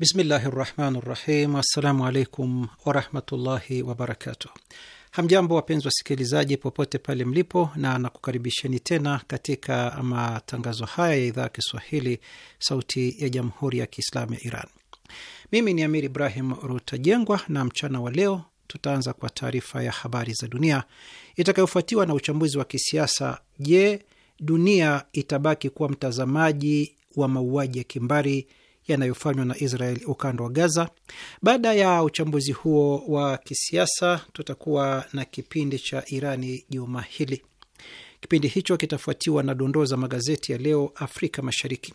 Bismillahi rahmani rahim. Assalamu alaikum warahmatullahi wabarakatuh. Hamjambo wapenzi wasikilizaji, popote pale mlipo, na nakukaribisheni tena katika matangazo haya ya idhaa ya Kiswahili, Sauti ya Jamhuri ya Kiislamu ya Iran. Mimi ni Amir Ibrahim Rutajengwa, na mchana wa leo tutaanza kwa taarifa ya habari za dunia itakayofuatiwa na uchambuzi wa kisiasa. Je, dunia itabaki kuwa mtazamaji wa mauaji ya kimbari yanayofanywa na Israel ukanda wa Gaza. Baada ya uchambuzi huo wa kisiasa, tutakuwa na kipindi cha Irani juma hili. Kipindi hicho kitafuatiwa na dondoo za magazeti ya leo Afrika Mashariki.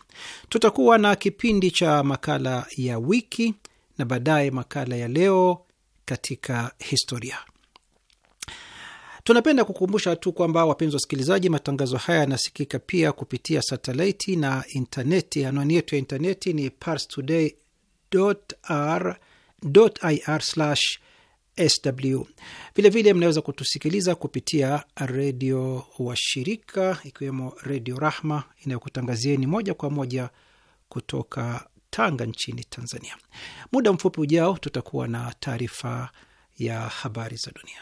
Tutakuwa na kipindi cha makala ya wiki na baadaye makala ya leo katika historia. Tunapenda kukumbusha tu kwamba, wapenzi wasikilizaji, matangazo haya yanasikika pia kupitia satelaiti na intaneti. Anwani yetu ya intaneti ni parstoday.ir/sw. Vilevile mnaweza kutusikiliza kupitia redio wa shirika ikiwemo Redio Rahma inayokutangazieni moja kwa moja kutoka Tanga nchini Tanzania. Muda mfupi ujao tutakuwa na taarifa ya habari za dunia.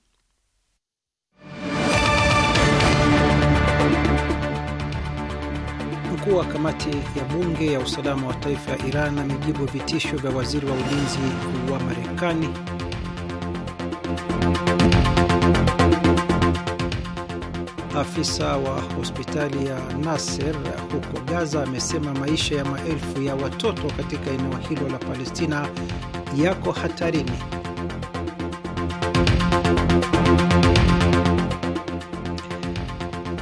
mkuu wa kamati ya bunge ya usalama wa taifa ya Iran amejibu vitisho vya waziri wa ulinzi wa Marekani. Afisa wa hospitali ya Nasser huko Gaza amesema maisha ya maelfu ya watoto katika eneo hilo la Palestina yako hatarini.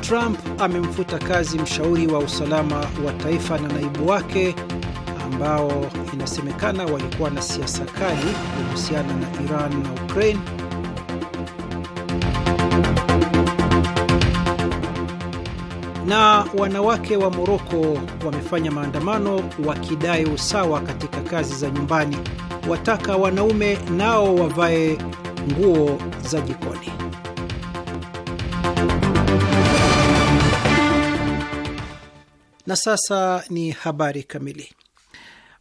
Trump amemfuta kazi mshauri wa usalama wa taifa na naibu wake ambao inasemekana walikuwa na siasa kali kuhusiana na Iran na Ukraine. Na wanawake wa Moroko wamefanya maandamano wakidai usawa katika kazi za nyumbani, wataka wanaume nao wavae nguo za jikoni. Na sasa ni habari kamili.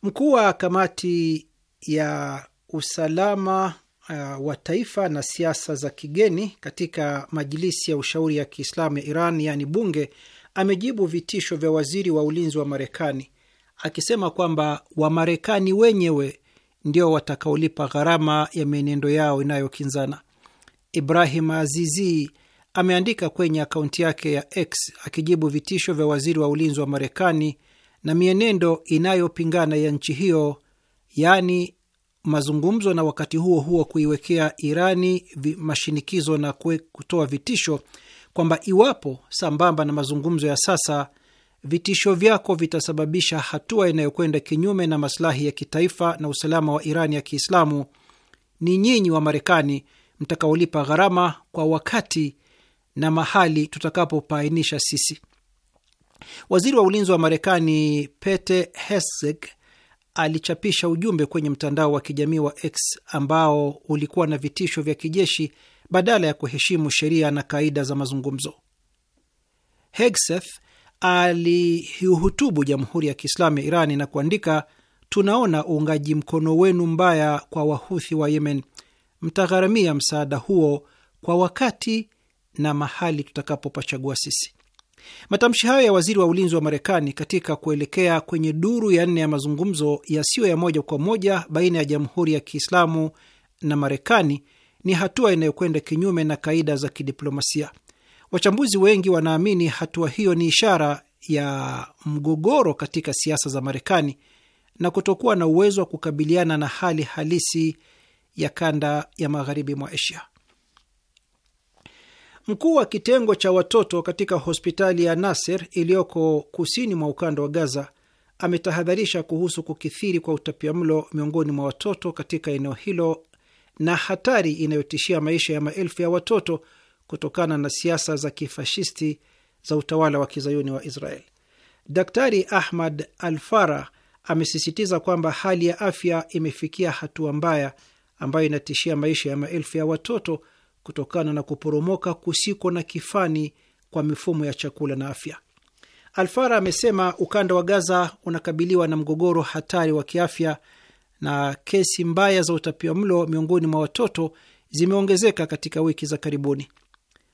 Mkuu wa kamati ya usalama uh, wa taifa na siasa za kigeni katika Majilisi ya Ushauri ya Kiislamu ya Iran, yaani bunge, amejibu vitisho vya waziri wa ulinzi wa Marekani akisema kwamba Wamarekani wenyewe ndio watakaolipa gharama ya mienendo yao inayokinzana. Ibrahim Azizi ameandika kwenye akaunti yake ya X akijibu vitisho vya waziri wa ulinzi wa Marekani na mienendo inayopingana ya nchi hiyo, yaani mazungumzo, na wakati huo huo kuiwekea Irani mashinikizo na kutoa vitisho kwamba iwapo sambamba na mazungumzo ya sasa vitisho vyako vitasababisha hatua inayokwenda kinyume na masilahi ya kitaifa na usalama wa Irani ya Kiislamu, ni nyinyi wa Marekani mtakaolipa gharama kwa wakati na mahali tutakapopainisha sisi. Waziri wa ulinzi wa Marekani Pete Hegseth alichapisha ujumbe kwenye mtandao wa kijamii wa X ambao ulikuwa na vitisho vya kijeshi badala ya kuheshimu sheria na kaida za mazungumzo. Hegseth alihutubu Jamhuri ya Kiislamu ya Irani na kuandika, tunaona uungaji mkono wenu mbaya kwa wahuthi wa Yemen, mtagharamia msaada huo kwa wakati na mahali tutakapopachagua sisi. Matamshi hayo ya waziri wa ulinzi wa Marekani katika kuelekea kwenye duru ya nne ya mazungumzo yasiyo ya moja kwa moja baina ya Jamhuri ya Kiislamu na Marekani ni hatua inayokwenda kinyume na kaida za kidiplomasia. Wachambuzi wengi wanaamini hatua hiyo ni ishara ya mgogoro katika siasa za Marekani na kutokuwa na uwezo wa kukabiliana na hali halisi ya kanda ya magharibi mwa Asia. Mkuu wa kitengo cha watoto katika hospitali ya Nasser iliyoko kusini mwa ukanda wa Gaza ametahadharisha kuhusu kukithiri kwa utapiamlo miongoni mwa watoto katika eneo hilo na hatari inayotishia maisha ya maelfu ya watoto kutokana na siasa za kifashisti za utawala wa kizayuni wa Israel. Daktari Ahmad Alfara amesisitiza kwamba hali ya afya imefikia hatua mbaya ambayo inatishia maisha ya maelfu ya watoto kutokana na kuporomoka kusiko na kifani kwa mifumo ya chakula na afya. Alfara amesema ukanda wa Gaza unakabiliwa na mgogoro hatari wa kiafya na kesi mbaya za utapiamlo miongoni mwa watoto zimeongezeka katika wiki za karibuni.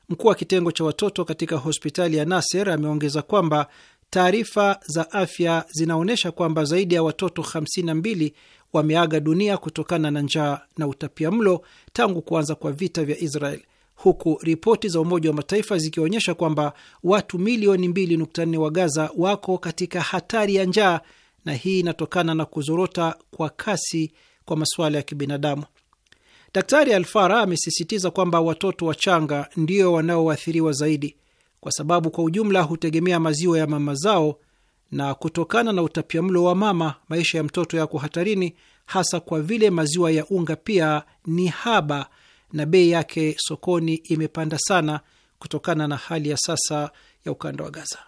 Mkuu wa kitengo cha watoto katika hospitali ya Nasser ameongeza kwamba taarifa za afya zinaonyesha kwamba zaidi ya watoto 52 wameaga dunia kutokana na njaa na utapia mlo tangu kuanza kwa vita vya Israel, huku ripoti za Umoja wa Mataifa zikionyesha kwamba watu milioni 2.4 wa Gaza wako katika hatari ya njaa, na hii inatokana na kuzorota kwa kasi kwa masuala ya kibinadamu. Daktari Alfara amesisitiza kwamba watoto wachanga ndio wanaoathiriwa zaidi, kwa sababu kwa ujumla hutegemea maziwa ya mama zao na kutokana na utapiamlo wa mama, maisha ya mtoto yako hatarini, hasa kwa vile maziwa ya unga pia ni haba na bei yake sokoni imepanda sana kutokana na hali ya sasa ya ukanda wa Gaza.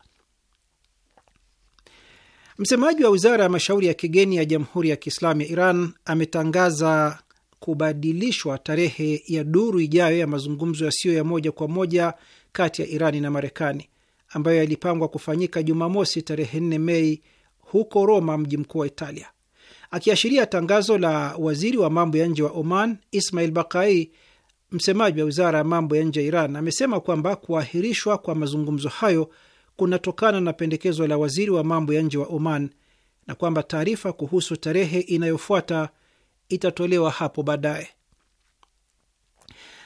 Msemaji wa wizara ya mashauri ya kigeni ya Jamhuri ya Kiislamu ya Iran ametangaza kubadilishwa tarehe ya duru ijayo ya mazungumzo yasiyo ya moja kwa moja kati ya Irani na Marekani ambayo yalipangwa kufanyika Jumamosi tarehe 4 Mei huko Roma, mji mkuu wa Italia. Akiashiria tangazo la waziri wa mambo ya nje wa Oman, Ismail Bakai, msemaji wa wizara ya mambo ya nje ya Iran, amesema kwamba kuahirishwa kwa mazungumzo hayo kunatokana na pendekezo la waziri wa mambo ya nje wa Oman na kwamba taarifa kuhusu tarehe inayofuata itatolewa hapo baadaye.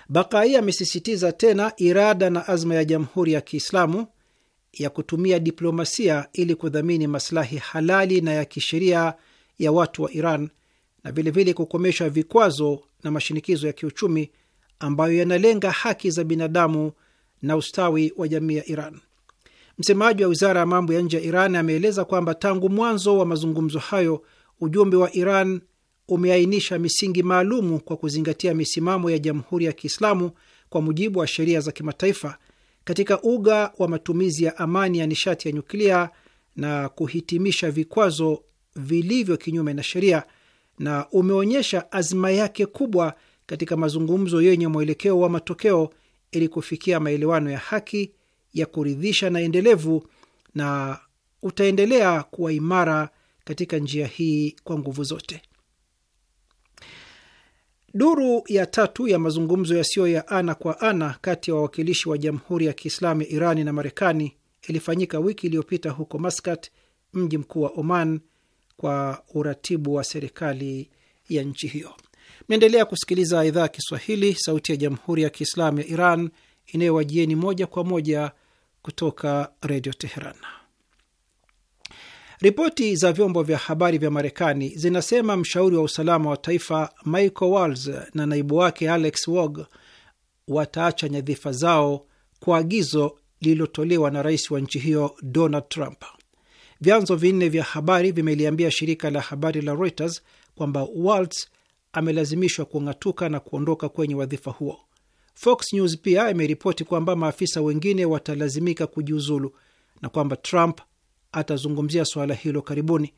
Bakai amesisitiza tena irada na azma ya Jamhuri ya Kiislamu ya kutumia diplomasia ili kudhamini masilahi halali na ya kisheria ya watu wa Iran na vilevile kukomesha vikwazo na mashinikizo ya kiuchumi ambayo yanalenga haki za binadamu na ustawi wa jamii ya Iran. Msemaji wa wizara ya mambo ya nje ya Iran ameeleza kwamba tangu mwanzo wa mazungumzo hayo ujumbe wa Iran umeainisha misingi maalumu kwa kuzingatia misimamo ya Jamhuri ya Kiislamu kwa mujibu wa sheria za kimataifa katika uga wa matumizi ya amani ya nishati ya nyuklia na kuhitimisha vikwazo vilivyo kinyume na sheria na umeonyesha azma yake kubwa katika mazungumzo yenye mwelekeo wa matokeo ili kufikia maelewano ya haki ya kuridhisha na endelevu, na utaendelea kuwa imara katika njia hii kwa nguvu zote. Duru ya tatu ya mazungumzo yasiyo ya ana kwa ana kati ya wawakilishi wa Jamhuri ya Kiislamu ya Irani na Marekani ilifanyika wiki iliyopita huko Maskat, mji mkuu wa Oman, kwa uratibu wa serikali ya nchi hiyo. Naendelea kusikiliza idhaa ya Kiswahili, Sauti ya Jamhuri ya Kiislamu ya Iran inayowajieni moja kwa moja kutoka Redio Teheran. Ripoti za vyombo vya habari vya Marekani zinasema mshauri wa usalama wa taifa Michael Walls na naibu wake Alex Wog wataacha nyadhifa zao kwa agizo lililotolewa na rais wa nchi hiyo Donald Trump. Vyanzo vinne vya habari vimeliambia shirika la habari la Reuters kwamba wals amelazimishwa kung'atuka na kuondoka kwenye wadhifa huo. Fox News pia imeripoti kwamba maafisa wengine watalazimika kujiuzulu na kwamba Trump atazungumzia suala hilo karibuni.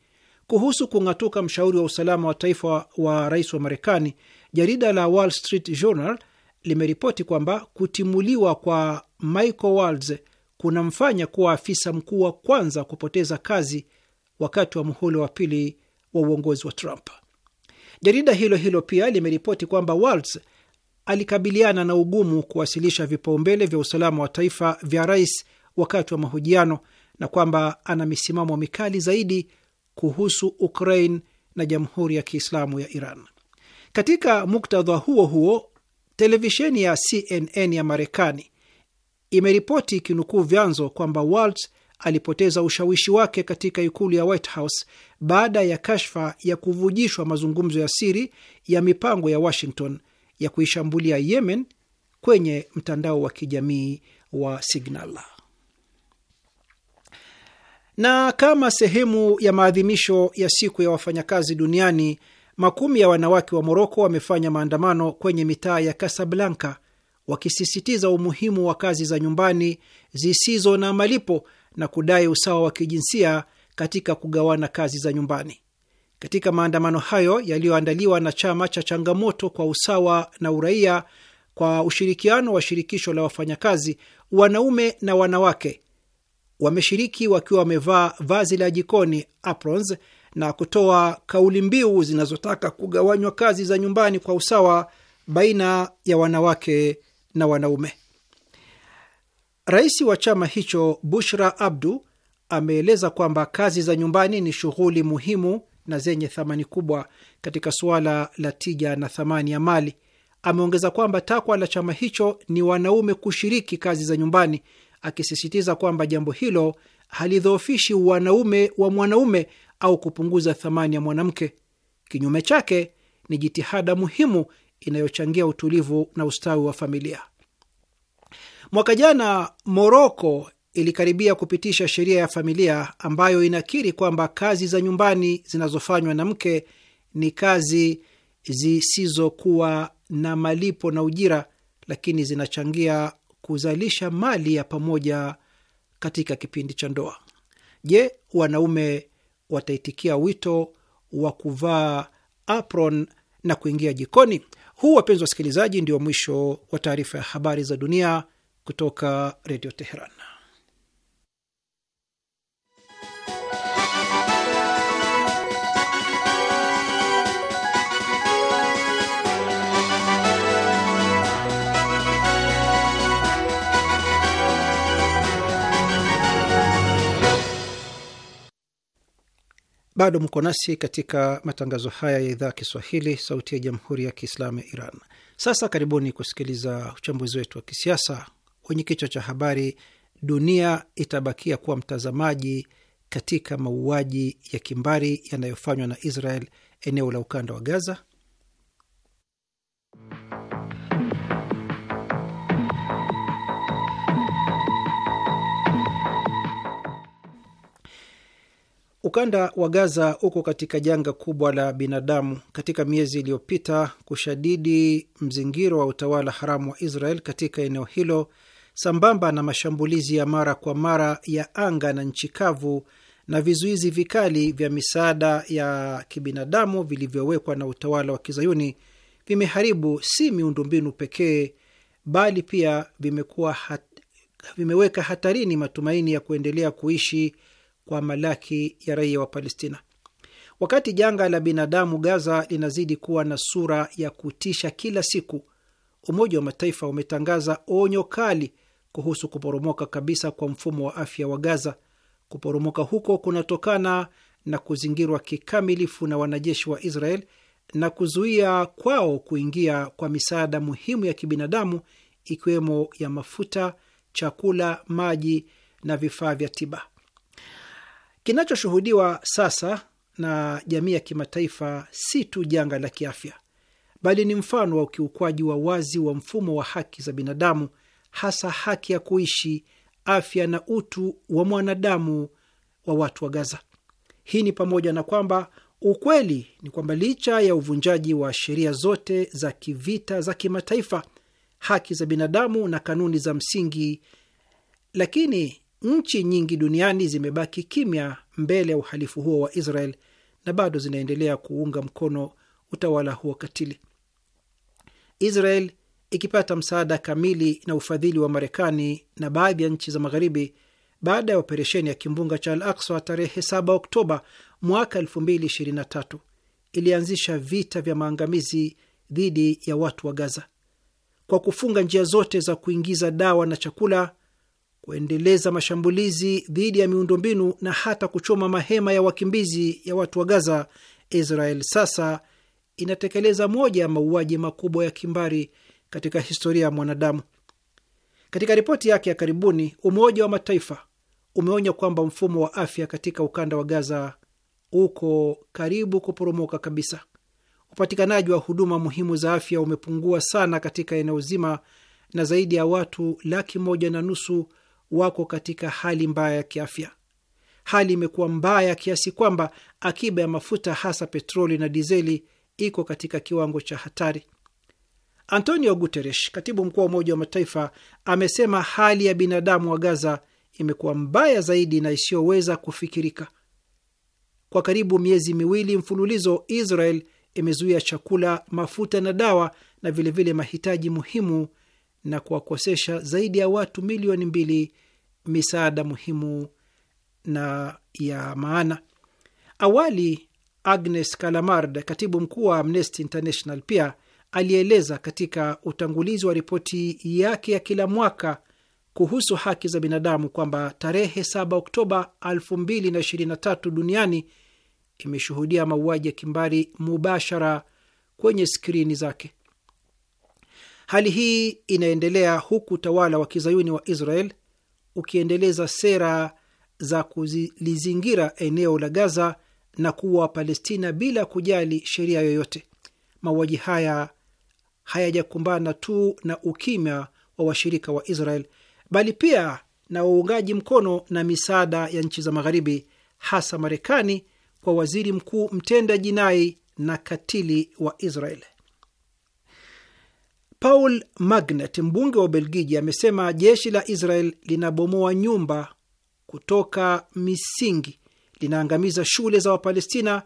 Kuhusu kung'atuka mshauri wa usalama wa taifa wa rais wa Marekani, jarida la Wall Street Journal limeripoti kwamba kutimuliwa kwa Michael Waltz kunamfanya kuwa afisa mkuu wa kwanza kupoteza kazi wakati wa muhula wa pili wa uongozi wa Trump. Jarida hilo hilo pia limeripoti kwamba Waltz alikabiliana na ugumu kuwasilisha vipaumbele vya usalama wa taifa vya rais wakati wa mahojiano na kwamba ana misimamo mikali zaidi kuhusu Ukraine na Jamhuri ya Kiislamu ya Iran. Katika muktadha huo huo, televisheni ya CNN ya Marekani imeripoti ikinukuu vyanzo kwamba Waltz alipoteza ushawishi wake katika ikulu ya White House baada ya kashfa ya kuvujishwa mazungumzo ya siri ya mipango ya Washington ya kuishambulia Yemen kwenye mtandao wa kijamii wa Signal. Na kama sehemu ya maadhimisho ya siku ya wafanyakazi duniani, makumi ya wanawake wa Moroko wamefanya maandamano kwenye mitaa ya Kasablanka wakisisitiza umuhimu wa kazi za nyumbani zisizo na malipo na kudai usawa wa kijinsia katika kugawana kazi za nyumbani. Katika maandamano hayo yaliyoandaliwa na chama cha changamoto kwa usawa na uraia kwa ushirikiano wa shirikisho la wafanyakazi, wanaume na wanawake wameshiriki wakiwa wamevaa vazi la jikoni aprons, na kutoa kauli mbiu zinazotaka kugawanywa kazi za nyumbani kwa usawa baina ya wanawake na wanaume. Rais wa chama hicho Bushra Abdu ameeleza kwamba kazi za nyumbani ni shughuli muhimu na zenye thamani kubwa katika suala la tija na thamani ya mali. Ameongeza kwamba takwa la chama hicho ni wanaume kushiriki kazi za nyumbani akisisitiza kwamba jambo hilo halidhoofishi wanaume wa mwanaume au kupunguza thamani ya mwanamke. Kinyume chake, ni jitihada muhimu inayochangia utulivu na ustawi wa familia. Mwaka jana Moroko ilikaribia kupitisha sheria ya familia ambayo inakiri kwamba kazi za nyumbani zinazofanywa na mke ni kazi zisizokuwa na malipo na ujira, lakini zinachangia kuzalisha mali ya pamoja katika kipindi cha ndoa. Je, wanaume wataitikia wito wa kuvaa apron na kuingia jikoni? Huu, wapenzi wasikilizaji, ndio mwisho wa taarifa ya habari za dunia kutoka Redio Teheran. Bado mko nasi katika matangazo haya ya idhaa ya Kiswahili, sauti ya jamhuri ya kiislamu ya Iran. Sasa karibuni kusikiliza uchambuzi wetu wa kisiasa wenye kichwa cha habari, dunia itabakia kuwa mtazamaji katika mauaji ya kimbari yanayofanywa na Israel eneo la ukanda wa Gaza, Ukanda wa Gaza uko katika janga kubwa la binadamu. Katika miezi iliyopita, kushadidi mzingiro wa utawala haramu wa Israel katika eneo hilo sambamba na mashambulizi ya mara kwa mara ya anga na nchi kavu na vizuizi vikali vya misaada ya kibinadamu vilivyowekwa na utawala wa kizayuni vimeharibu si miundombinu pekee, bali pia vimekuwa hat, vimeweka hatarini matumaini ya kuendelea kuishi kwa malaki ya raia wa Palestina. Wakati janga la binadamu Gaza linazidi kuwa na sura ya kutisha kila siku, Umoja wa Mataifa umetangaza onyo kali kuhusu kuporomoka kabisa kwa mfumo wa afya wa Gaza. Kuporomoka huko kunatokana na kuzingirwa kikamilifu na wanajeshi wa Israel na kuzuia kwao kuingia kwa misaada muhimu ya kibinadamu ikiwemo ya mafuta, chakula, maji na vifaa vya tiba. Kinachoshuhudiwa sasa na jamii ya kimataifa si tu janga la kiafya, bali ni mfano wa ukiukwaji wa wazi wa mfumo wa haki za binadamu, hasa haki ya kuishi, afya na utu wa mwanadamu wa watu wa Gaza. Hii ni pamoja na kwamba ukweli ni kwamba licha ya uvunjaji wa sheria zote za kivita za kimataifa, haki za binadamu na kanuni za msingi, lakini nchi nyingi duniani zimebaki kimya mbele ya uhalifu huo wa Israel na bado zinaendelea kuunga mkono utawala huo katili. Israel ikipata msaada kamili na ufadhili wa Marekani na baadhi ya nchi za Magharibi baada ya operesheni ya kimbunga cha Al Aksa tarehe 7 Oktoba mwaka 2023 ilianzisha vita vya maangamizi dhidi ya watu wa Gaza kwa kufunga njia zote za kuingiza dawa na chakula kuendeleza mashambulizi dhidi ya miundombinu na hata kuchoma mahema ya wakimbizi ya watu wa Gaza, Israel sasa inatekeleza moja ya mauaji makubwa ya kimbari katika historia ya mwanadamu. Katika ripoti yake ya karibuni, Umoja wa Mataifa umeonya kwamba mfumo wa afya katika ukanda wa Gaza uko karibu kuporomoka kabisa. Upatikanaji wa huduma muhimu za afya umepungua sana katika eneo zima na zaidi ya watu laki moja na nusu wako katika hali mbaya ya kiafya. Hali imekuwa mbaya kiasi kwamba akiba ya mafuta hasa petroli na dizeli iko katika kiwango cha hatari. Antonio Guterres, katibu mkuu wa Umoja wa Mataifa, amesema hali ya binadamu wa Gaza imekuwa mbaya zaidi na isiyoweza kufikirika. Kwa karibu miezi miwili mfululizo, Israel imezuia chakula, mafuta na dawa na vilevile vile mahitaji muhimu na kuwakosesha zaidi ya watu milioni mbili misaada muhimu na ya maana. Awali, Agnes Kalamard, katibu mkuu wa Amnesty International, pia alieleza katika utangulizi wa ripoti yake ya kila mwaka kuhusu haki za binadamu kwamba tarehe 7 Oktoba 2023 duniani imeshuhudia mauaji ya kimbari mubashara kwenye skrini zake. Hali hii inaendelea huku utawala wa kizayuni wa Israel ukiendeleza sera za kulizingira eneo la Gaza na kuwa Palestina bila kujali sheria yoyote. Mauaji haya hayajakumbana tu na ukimya wa washirika wa Israel bali pia na waungaji mkono na misaada ya nchi za Magharibi, hasa Marekani, kwa waziri mkuu mtenda jinai na katili wa Israel. Paul Magnet, mbunge wa Ubelgiji, amesema jeshi la Israel linabomoa nyumba kutoka misingi, linaangamiza shule za Wapalestina,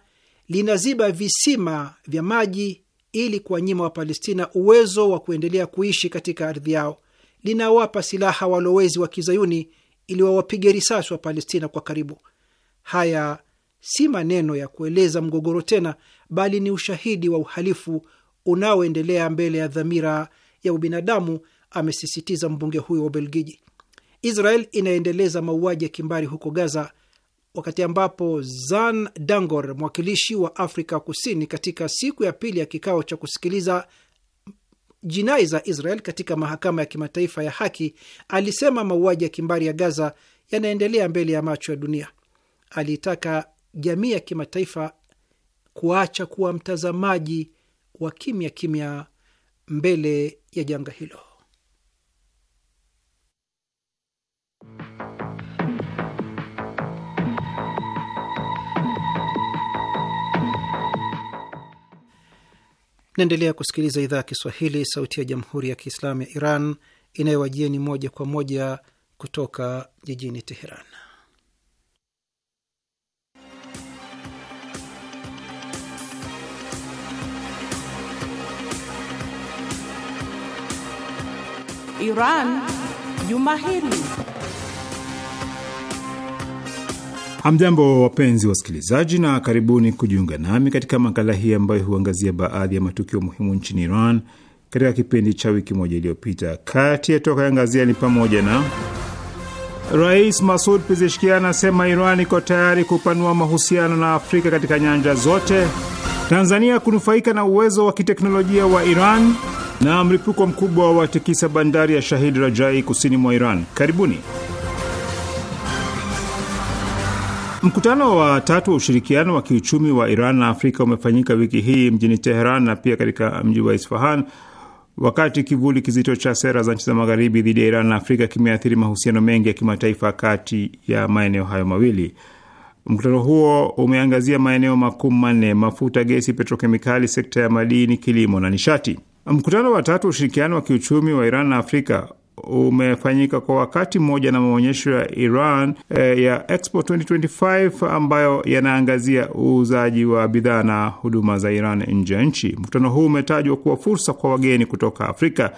linaziba visima vya maji ili kuwanyima Wapalestina uwezo wa kuendelea kuishi katika ardhi yao, linawapa silaha walowezi wa kizayuni ili wawapige risasi wa Palestina kwa karibu. Haya si maneno ya kueleza mgogoro tena, bali ni ushahidi wa uhalifu unaoendelea mbele ya dhamira ya ubinadamu, amesisitiza mbunge huyo wa Ubelgiji. Israel inaendeleza mauaji ya kimbari huko Gaza, wakati ambapo Zan Dangor, mwakilishi wa Afrika Kusini, katika siku ya pili ya kikao cha kusikiliza jinai za Israel katika mahakama ya kimataifa ya haki, alisema mauaji ya kimbari ya Gaza yanaendelea mbele ya macho ya dunia. Aliitaka jamii ya kimataifa kuacha kuwa mtazamaji wa kimya kimya mbele ya janga hilo. Naendelea kusikiliza idhaa ya Kiswahili, sauti ya jamhuri ya kiislamu ya Iran inayowajieni moja kwa moja kutoka jijini Teheran. Iran juma hili. Hamjambo, wapenzi wasikilizaji, na karibuni kujiunga nami katika makala hii ambayo huangazia baadhi ya matukio muhimu nchini Iran katika kipindi cha wiki moja iliyopita. Kati ya toka yangazia ni pamoja na Rais Masud Pezeshkian anasema Iran iko tayari kupanua mahusiano na Afrika katika nyanja zote, Tanzania kunufaika na uwezo wa kiteknolojia wa Iran na mlipuko mkubwa wa tikisa bandari ya Shahid Rajai kusini mwa Iran. Karibuni. Mkutano wa tatu wa ushirikiano wa kiuchumi wa Iran na Afrika umefanyika wiki hii mjini Teheran na pia katika mji wa Isfahan, wakati kivuli kizito cha sera za nchi za magharibi dhidi ya Iran na Afrika kimeathiri mahusiano mengi ya kimataifa kati ya maeneo hayo mawili. Mkutano huo umeangazia maeneo makuu manne: mafuta, gesi, petrokemikali, sekta ya madini, kilimo na nishati. Mkutano wa tatu ushirikiano wa kiuchumi wa Iran na Afrika umefanyika kwa wakati mmoja na maonyesho ya Iran eh, ya Expo 2025 ambayo yanaangazia uuzaji wa bidhaa na huduma za Iran nje ya nchi. Mkutano huu umetajwa kuwa fursa kwa wageni kutoka Afrika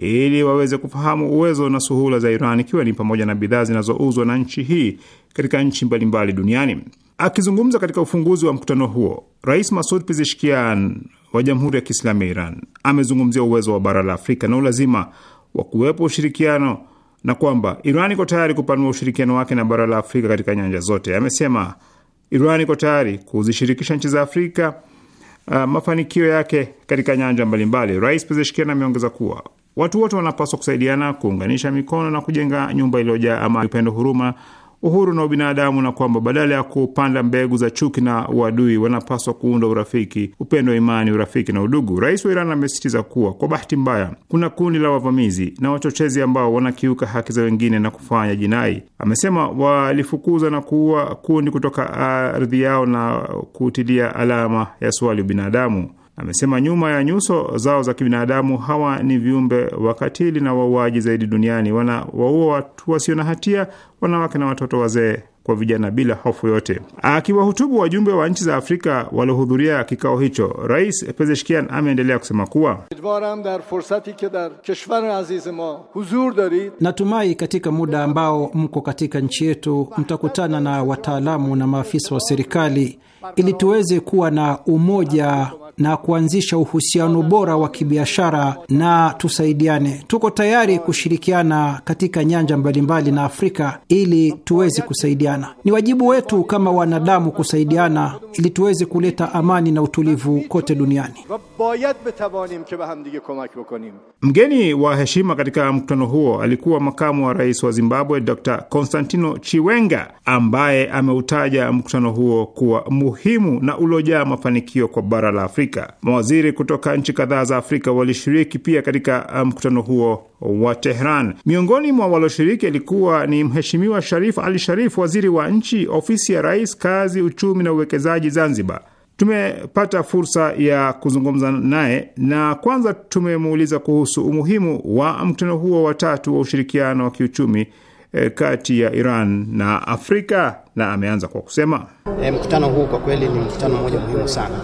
ili waweze kufahamu uwezo na suhula za Iran, ikiwa ni pamoja na bidhaa zinazouzwa na nchi hii katika nchi mbalimbali duniani. Akizungumza katika ufunguzi wa mkutano huo, Rais Masud Pezeshkian wa Jamhuri ya Kiislamu ya Iran amezungumzia uwezo wa bara la Afrika na ulazima wa kuwepo ushirikiano na kwamba Iran iko tayari kupanua ushirikiano wake na bara la Afrika katika nyanja zote. Amesema Iran iko tayari kuzishirikisha nchi za Afrika uh, mafanikio yake katika nyanja mbalimbali. Rais Pezeshkian ameongeza kuwa Watu wote wanapaswa kusaidiana, kuunganisha mikono na kujenga nyumba iliyojaa amani, upendo, huruma, uhuru na ubinadamu, na kwamba badala ya kupanda mbegu za chuki na uadui wanapaswa kuunda urafiki, upendo wa imani, urafiki na udugu. Rais wa Iran amesisitiza kuwa kwa bahati mbaya kuna kundi la wavamizi na wachochezi ambao wanakiuka haki za wengine na kufanya jinai. Amesema walifukuza na kuua kundi kutoka ardhi yao na kutilia alama ya swali ubinadamu. Amesema nyuma ya nyuso zao za kibinadamu hawa ni viumbe wakatili na wauaji zaidi duniani. Wanawaua watu wasio na hatia, wanawake na watoto, wazee kwa vijana, bila hofu yote. Akiwahutubu wajumbe wa nchi za Afrika waliohudhuria kikao hicho, Rais Pezeshkian ameendelea kusema kuwa natumai katika muda ambao mko katika nchi yetu mtakutana na wataalamu na maafisa wa serikali ili tuweze kuwa na umoja na kuanzisha uhusiano bora wa kibiashara na tusaidiane. Tuko tayari kushirikiana katika nyanja mbalimbali na Afrika ili tuweze kusaidiana. Ni wajibu wetu kama wanadamu kusaidiana ili tuweze kuleta amani na utulivu kote duniani. Mgeni wa heshima katika mkutano huo alikuwa makamu wa rais wa Zimbabwe Dr. Constantino Chiwenga ambaye ameutaja mkutano huo kuwa muhimu na ulojaa mafanikio kwa bara la Afrika. Afrika. Mawaziri kutoka nchi kadhaa za Afrika walishiriki pia katika um, mkutano huo wa Tehran. Miongoni mwa walioshiriki alikuwa ni Mheshimiwa Sharif Ali Sharif, waziri wa nchi ofisi ya rais, kazi, uchumi na uwekezaji Zanzibar. Tumepata fursa ya kuzungumza naye na kwanza tumemuuliza kuhusu umuhimu wa mkutano huo wa tatu wa ushirikiano wa kiuchumi Eh, kati ya Iran na Afrika, na ameanza kwa kusema e, mkutano huu kwa kweli ni mkutano mmoja muhimu sana.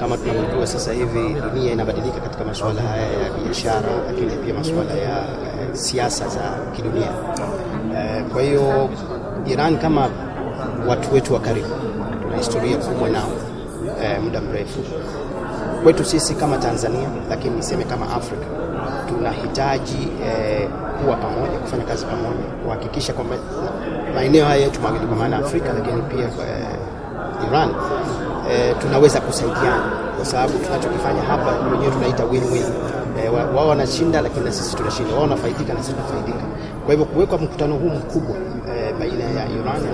Kama tunavyojua sasa hivi dunia inabadilika katika masuala haya ya biashara, lakini pia masuala ya e, siasa za kidunia e, kwa hiyo Iran kama watu wetu wa karibu, tuna historia kubwa nao e, muda mrefu kwetu sisi kama Tanzania, lakini niseme kama Afrika tunahitaji eh, kuwa pamoja, kufanya kazi pamoja, kuhakikisha kwamba maeneo haya yetu mawili kwa maana Afrika lakini pia eh, Iran eh, tunaweza kusaidiana, kwa sababu tunachokifanya hapa wenyewe tunaita win-win. Eh, wao wanashinda lakini na sisi tunashinda, wao wanafaidika na sisi tunafaidika. Kwa hivyo kuwekwa mkutano huu mkubwa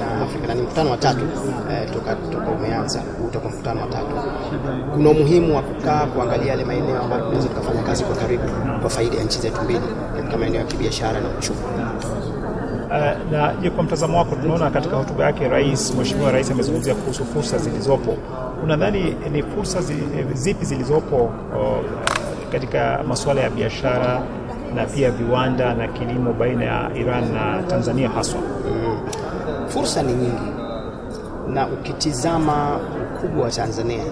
na Afrika na ni mkutano wa tatu eh, toka, toka umeanza utakuwa mkutano wa tatu. Kuna umuhimu wa kukaa kuangalia yale maeneo ambayo tunaweza tukafanya kazi kwa karibu kwa faida ya nchi zetu mbili katika maeneo ya kibiashara na uchumi. Uh, na je, kwa mtazamo wako tunaona katika hotuba yake rais, Mheshimiwa Rais amezungumzia kuhusu fursa zilizopo. Unadhani ni fursa zi, eh, zipi zilizopo o, katika masuala ya biashara na pia viwanda na kilimo baina ya Iran na Tanzania haswa? mm. Fursa ni nyingi, na ukitizama ukubwa wa Tanzania,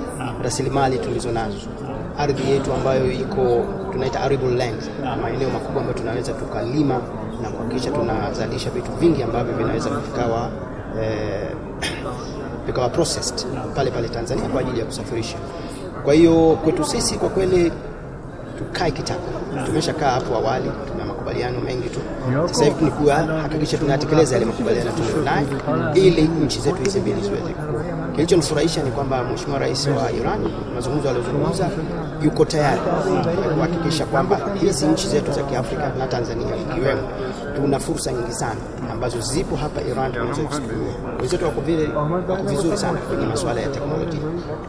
rasilimali tulizo nazo, ardhi yetu ambayo iko tunaita arable land, maeneo makubwa ambayo tunaweza tukalima na kuhakikisha tunazalisha vitu vingi ambavyo vinaweza vikawa eh, processed pale pale Tanzania kwa ajili ya kusafirisha. Kwa hiyo kwetu sisi kwa kweli tukae kitako, tumeshakaa hapo awali makubaliano mengi tu. Sasa hivi ni kuhakikisha tunayatekeleza yale makubaliano tuliyonayo, ili nchi zetu hizi mbili ziweze. Kilichonifurahisha ni kwamba Mheshimiwa Rais wa Iran, mazungumzo aliyozungumza yuko tayari kuhakikisha kwamba hizi nchi zetu za Kiafrika na Tanzania ikiwemo, tuna fursa nyingi sana ambazo zipo hapa Iran tunaweza kuzitumia. Wenzetu wako vile wako vizuri sana kwenye masuala ya teknolojia,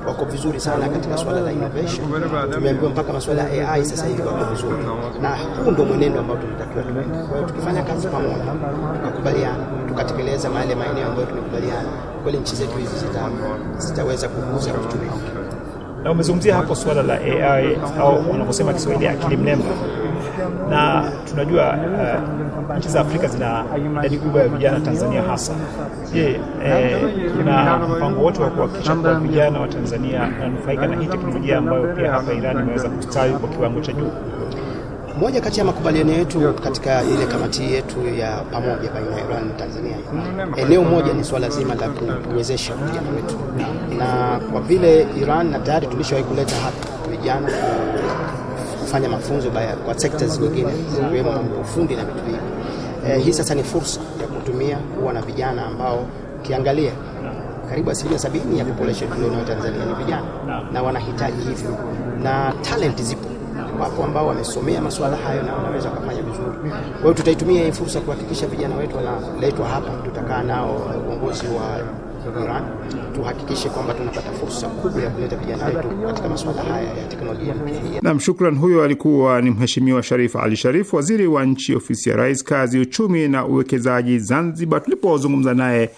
wako vizuri sana katika swala la innovation. Tumeambiwa mpaka masuala ya AI sasa hivi wako vizuri, na huu ndio mwenendo ambao tunatakiwa tuende. Kwa hiyo tukifanya kazi pamoja, tukakubaliana, tukatekeleza yale maeneo ambayo tumekubaliana, kweli nchi zetu hizi zitaweza kukuza uchumi wake na umezungumzia hapo suala la AI au wanavyosema Kiswahili akili mnemba, na tunajua uh, nchi za Afrika zina idadi kubwa ya vijana, Tanzania hasa. Je, eh, kuna mpango wote wa kuhakikisha kuwa vijana wa Tanzania wananufaika na hii teknolojia ambayo pia hapa Iran imeweza kustawi kwa kiwango cha juu? Moja kati ya makubaliano yetu katika ile kamati yetu ya pamoja baina ya Iran na Tanzania, eneo moja ni swala zima la kuwezesha vijana wetu, na kwa vile Iran na tayari tulishawahi kuleta hapa vijana kufanya mafunzo baya kwa sectors nyingine zikiwemo ufundi na vitu hivi. Eh, hii sasa ni fursa ya kutumia kuwa na vijana ambao ukiangalia karibu asilimia sabini ya population tulionayo Tanzania ni vijana na wanahitaji hivyo na talent zipo wapo ambao wamesomea masuala hayo na wanaweza kufanya vizuri. Kwa hiyo tutaitumia hii fursa kuhakikisha vijana wetu wanaletwa hapa, tutakaa nao uongozi wa Iran tuhakikishe kwamba tunapata fursa kubwa ya kuleta vijana wetu katika masuala haya ya teknolojia mpya. Nam, shukran. Huyo alikuwa ni Mheshimiwa Sharif Ali Sharif, waziri wa nchi ofisi ya Rais, kazi, uchumi na uwekezaji Zanzibar, tulipozungumza naye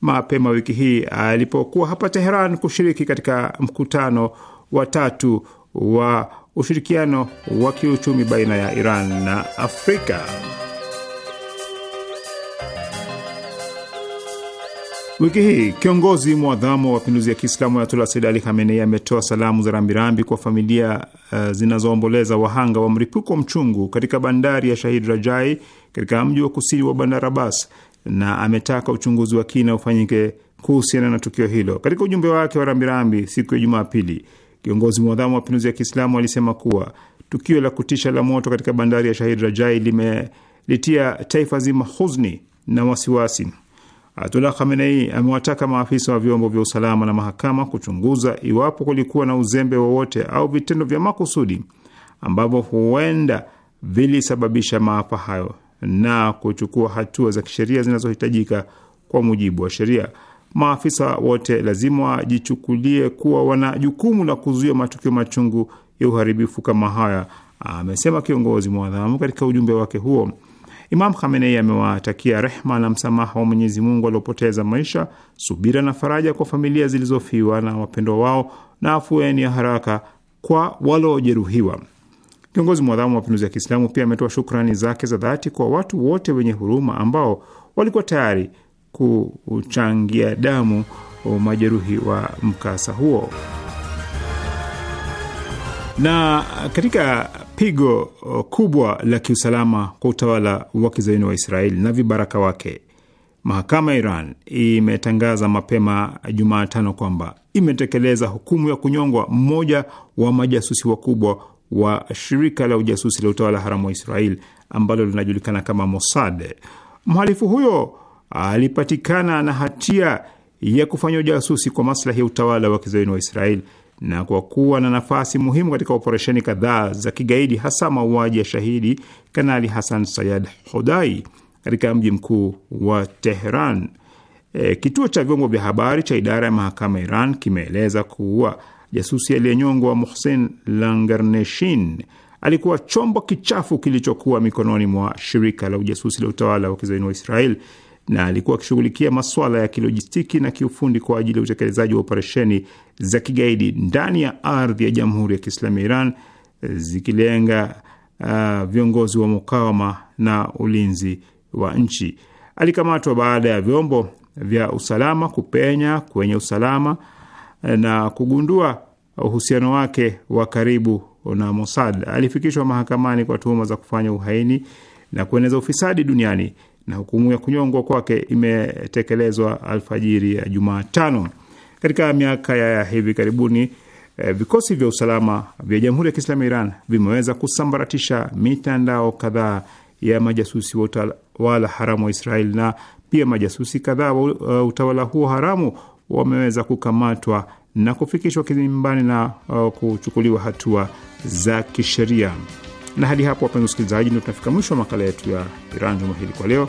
mapema wiki hii alipokuwa hapa Teheran kushiriki katika mkutano wa tatu wa ushirikiano wa kiuchumi baina ya Iran na Afrika. Wiki hii kiongozi mwadhamu wa mapinduzi ya Kiislamu Ayatullah Sayyid Ali Khamenei ametoa salamu za rambirambi kwa familia uh, zinazoomboleza wahanga wa mlipuko mchungu katika bandari ya Shahid Rajai katika mji wa kusini wa Bandar Abbas na ametaka uchunguzi wa kina ufanyike kuhusiana na tukio hilo. Katika ujumbe wake wa rambirambi siku ya Jumapili, Kiongozi mwadhamu wa mapinduzi ya Kiislamu alisema kuwa tukio la kutisha la moto katika bandari ya Shahid Rajai limelitia taifa zima huzuni na wasiwasi. Ayatullah Khamenei amewataka maafisa wa vyombo vya usalama na mahakama kuchunguza iwapo kulikuwa na uzembe wowote au vitendo vya makusudi ambavyo huenda vilisababisha maafa hayo na kuchukua hatua za kisheria zinazohitajika kwa mujibu wa sheria maafisa wote lazima wajichukulie kuwa wana jukumu la kuzuia matukio machungu ya uharibifu kama haya, amesema kiongozi mwadhamu katika ujumbe wake huo. Imam Khamenei amewatakia rehma na msamaha wa Mwenyezi Mungu waliopoteza maisha, subira na faraja kwa familia zilizofiwa na wapendwa wao, na afueni ya haraka kwa waliojeruhiwa. Kiongozi mwadhamu wa mapinduzi ya Kiislamu pia ametoa shukrani zake za dhati kwa watu wote wenye huruma ambao walikuwa tayari kuchangia damu majeruhi wa mkasa huo. Na katika pigo kubwa la kiusalama kwa utawala wa kizayuni wa Israeli na vibaraka wake, mahakama ya Iran imetangaza mapema Jumatano kwamba imetekeleza hukumu ya kunyongwa mmoja wa majasusi wakubwa wa shirika la ujasusi la utawala haramu wa Israeli ambalo linajulikana kama Mossad. Mhalifu huyo alipatikana na hatia ya kufanya ujasusi kwa maslahi ya utawala wa kizayuni wa Israeli na kwa kuwa na nafasi muhimu katika operesheni kadhaa za kigaidi, hasa mauaji ya shahidi Kanali Hasan Sayad Hodai katika mji mkuu wa Teheran. E, kituo cha vyombo vya habari cha idara ya mahakama Iran kimeeleza kuwa jasusi aliyenyongwa Mohsen Langarneshin alikuwa chombo kichafu kilichokuwa mikononi mwa shirika la ujasusi la utawala wa kizayuni wa Israeli na alikuwa akishughulikia masuala ya kilojistiki na kiufundi kwa ajili ya utekelezaji wa operesheni za kigaidi ndani ya ardhi ya Jamhuri ya Kiislamu ya Iran zikilenga uh, viongozi wa mukawama na ulinzi wa nchi. Alikamatwa baada ya vyombo vya usalama kupenya kwenye usalama uh, na kugundua uhusiano wake wa karibu na Mossad. Alifikishwa mahakamani kwa tuhuma za kufanya uhaini na kueneza ufisadi duniani na hukumu ya kunyongwa kwake imetekelezwa alfajiri ya Jumatano. Katika miaka ya hivi karibuni eh, vikosi vya usalama vya Jamhuri ya Kiislamu ya Iran vimeweza kusambaratisha mitandao kadhaa ya majasusi wa utawala haramu wa Israeli na pia majasusi kadhaa wa eh, utawala huo haramu wameweza kukamatwa na kufikishwa kizimbani na uh, kuchukuliwa hatua za kisheria. Na hadi hapo, wapenzi usikilizaji, ndio tunafika mwisho wa makala yetu ya Iran juma hili kwa leo.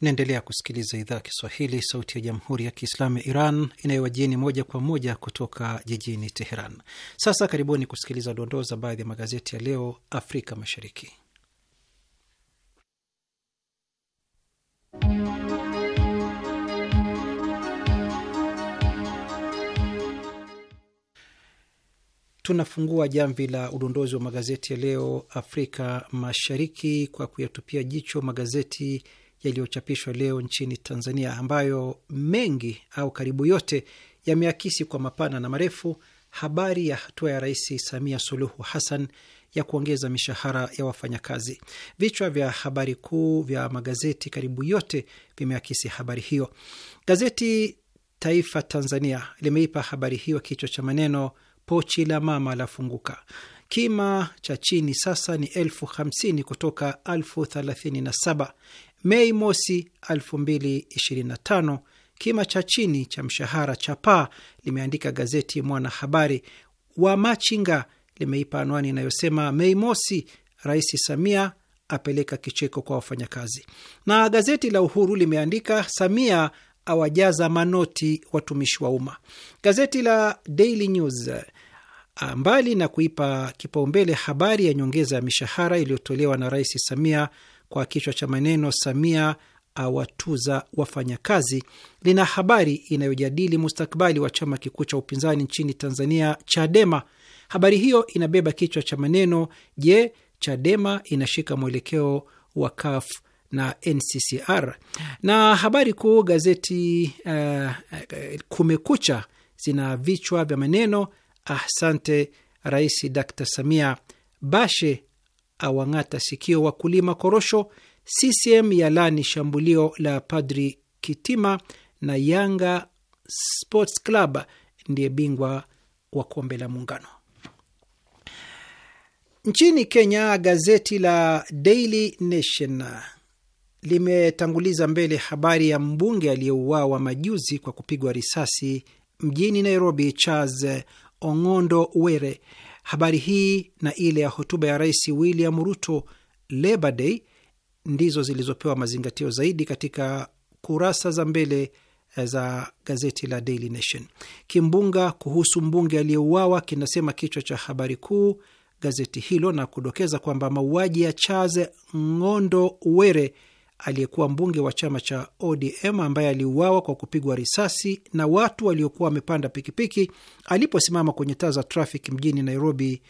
Naendelea kusikiliza idhaa Kiswahili, sauti ya jamhuri ya kiislamu ya Iran inayowajieni moja kwa moja kutoka jijini Teheran. Sasa karibuni kusikiliza dondoo za baadhi ya magazeti ya leo Afrika Mashariki. Tunafungua jamvi la udondozi wa magazeti ya leo Afrika Mashariki kwa kuyatupia jicho magazeti yaliyochapishwa leo nchini Tanzania, ambayo mengi au karibu yote yameakisi kwa mapana na marefu habari ya hatua ya Rais Samia Suluhu Hassan ya kuongeza mishahara ya wafanyakazi. Vichwa vya habari kuu vya magazeti karibu yote vimeakisi habari hiyo. Gazeti Taifa Tanzania limeipa habari hiyo kichwa cha maneno, pochi la mama lafunguka, kima cha chini sasa ni elfu hamsini kutoka elfu thelathini na saba. Mei mosi 2025, kima cha chini cha mshahara cha paa, limeandika gazeti Mwanahabari. Wa Machinga limeipa anwani inayosema Mei mosi, Rais Samia apeleka kicheko kwa wafanyakazi, na gazeti la Uhuru limeandika Samia awajaza manoti watumishi wa umma. Gazeti la Daily News ah, mbali na kuipa kipaumbele habari ya nyongeza ya mishahara iliyotolewa na Rais Samia kwa kichwa cha maneno Samia awatuza wafanyakazi, lina habari inayojadili mustakabali wa chama kikuu cha upinzani nchini Tanzania, Chadema. Habari hiyo inabeba kichwa cha maneno Je, Chadema inashika mwelekeo wa CUF na NCCR? Na habari kuu gazeti uh, Kumekucha zina vichwa vya maneno Asante Rais Dr Samia, Bashe awang'ata sikio wakulima korosho. CCM yalani shambulio la Padri Kitima na Yanga Sports Club ndiye bingwa wa kombe la Muungano. Nchini Kenya, gazeti la Daily Nation limetanguliza mbele habari ya mbunge aliyeuawa majuzi kwa kupigwa risasi mjini Nairobi, Charles Ong'ondo Were Habari hii na ile ya hotuba ya Rais William Ruto Labor Day ndizo zilizopewa mazingatio zaidi katika kurasa za mbele eh, za gazeti la Daily Nation. Kimbunga kuhusu mbunge aliyeuawa kinasema kichwa cha habari kuu gazeti hilo, na kudokeza kwamba mauaji ya Charles Ng'ondo Were aliyekuwa mbunge wa chama cha ODM ambaye aliuawa kwa kupigwa risasi na watu waliokuwa wamepanda pikipiki aliposimama kwenye taa za trafiki mjini Nairobi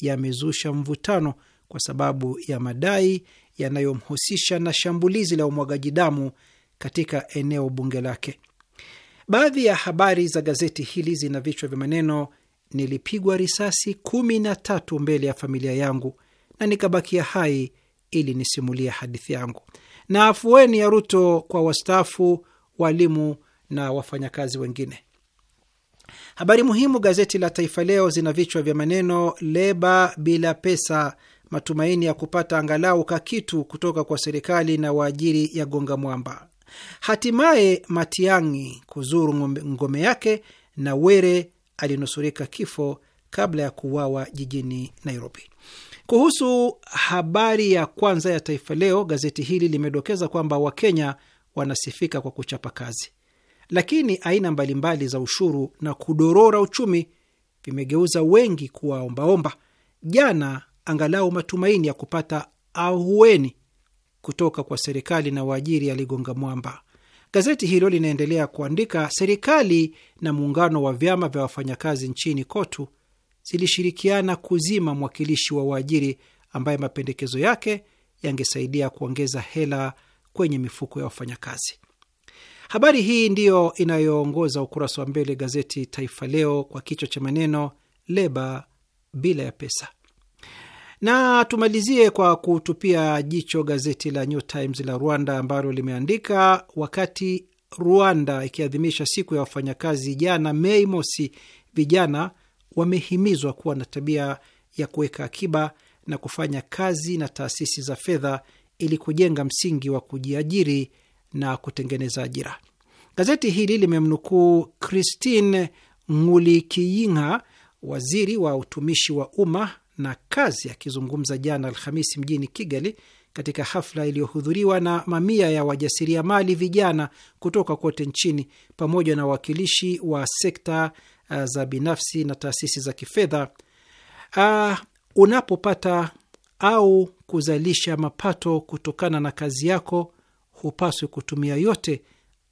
yamezusha mvutano kwa sababu ya madai yanayomhusisha na shambulizi la umwagaji damu katika eneo bunge lake. Baadhi ya habari za gazeti hili zina vichwa vya maneno: nilipigwa risasi kumi na tatu mbele ya familia yangu na nikabakia hai ili nisimulie hadithi yangu na afueni ya Ruto kwa wastaafu, walimu na wafanyakazi wengine. Habari muhimu gazeti la Taifa Leo zina vichwa vya maneno: leba bila pesa, matumaini ya kupata angalau kakitu kutoka kwa serikali na waajiri ya gonga mwamba, hatimaye Matiang'i kuzuru ngome yake, na Were alinusurika kifo kabla ya kuuawa jijini Nairobi. Kuhusu habari ya kwanza ya Taifa Leo, gazeti hili limedokeza kwamba Wakenya wanasifika kwa kuchapa kazi, lakini aina mbalimbali za ushuru na kudorora uchumi vimegeuza wengi kuwaombaomba. Jana angalau matumaini ya kupata ahueni kutoka kwa serikali na waajiri yaligonga mwamba. Gazeti hilo linaendelea kuandika, serikali na muungano wa vyama vya wafanyakazi nchini KOTU zilishirikiana kuzima mwakilishi wa waajiri ambaye mapendekezo yake yangesaidia kuongeza hela kwenye mifuko ya wafanyakazi. Habari hii ndiyo inayoongoza ukurasa wa mbele gazeti Taifa Leo kwa kichwa cha maneno leba bila ya pesa. Na tumalizie kwa kutupia jicho gazeti la New Times la Rwanda ambalo limeandika wakati Rwanda ikiadhimisha siku ya wafanyakazi jana Mei Mosi, vijana wamehimizwa kuwa na tabia ya kuweka akiba na kufanya kazi na taasisi za fedha ili kujenga msingi wa kujiajiri na kutengeneza ajira. Gazeti hili limemnukuu Christine Ngulikiyinga, waziri wa utumishi wa umma na kazi, akizungumza jana Alhamisi mjini Kigali katika hafla iliyohudhuriwa na mamia ya wajasiriamali vijana kutoka kote nchini pamoja na wawakilishi wa sekta Uh, za binafsi na taasisi za kifedha uh, unapopata au kuzalisha mapato kutokana na kazi yako hupaswi kutumia yote,